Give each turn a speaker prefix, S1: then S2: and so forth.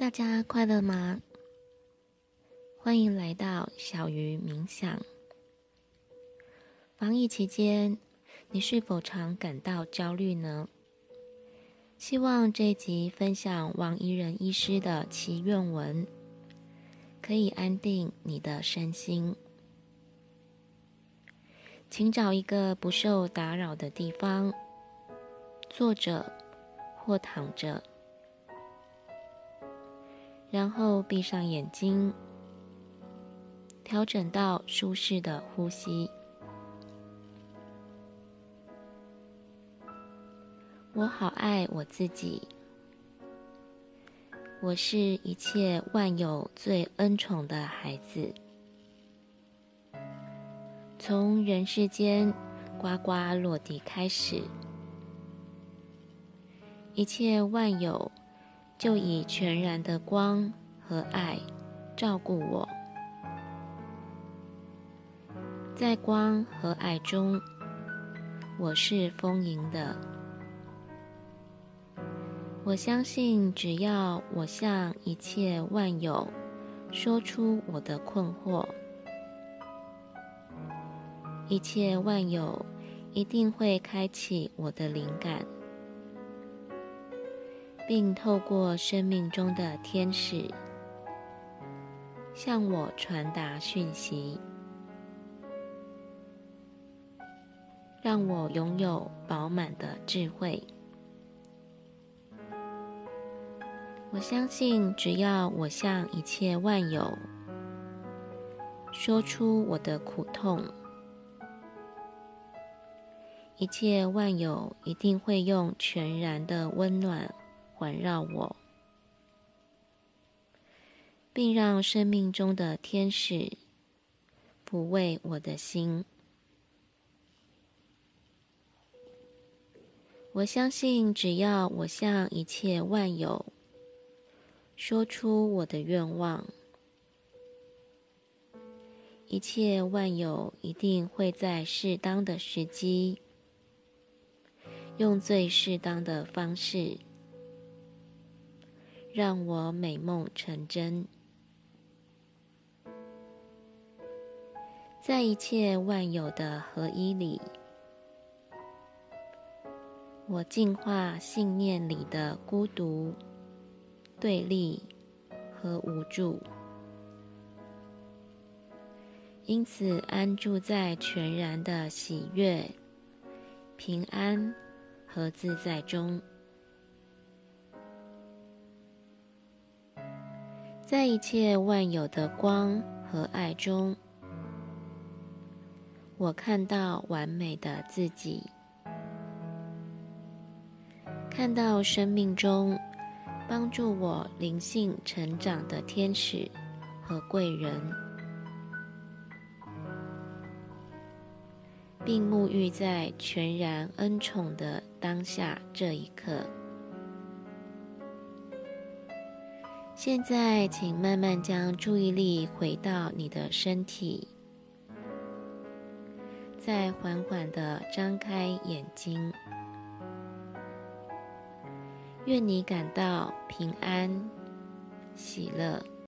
S1: 大家快樂嗎？歡迎來到小魚冥想。防疫期間，你是否常感到焦慮呢？希望這集分享王怡仁醫師的祈願文，可以安定你的身心。請找一個不受打擾的地方，坐着或躺着。然後閉上眼睛，調整到舒適的呼吸。我好愛我自己，我是一切萬有最恩寵的孩子。從人世間呱呱落地開始，一切萬有。就以全然的光和愛照顧我，在光和愛中，我是豐盈的。我相信，只要我向一切萬有說出我的困惑，一切萬有一定會開啟我的靈感。並透過生命中的天使，向我傳達訊息，讓我擁有飽滿的智慧。我相信，只要我向一切萬有說出我的苦痛，一切萬有一定會用全然的溫暖。環繞我，並讓生命中的天使撫慰我的心。我相信，只要我向一切萬有說出我的願望，一切萬有一定會在適當的時機，用最適當的方式。讓我美夢成真，在一切萬有的合一裡，我淨化信念裡的孤獨、對立和無助，因此安住在全然的喜悅、平安和自在中。在一切萬有的光和愛中，我看到完美的自己，看到生命中幫助我靈性成長的天使和貴人，並沐浴在全然恩寵的當下這一刻。現在，請慢慢將注意力回到你的身體，再緩緩地張開眼睛。願你感到平安、喜樂。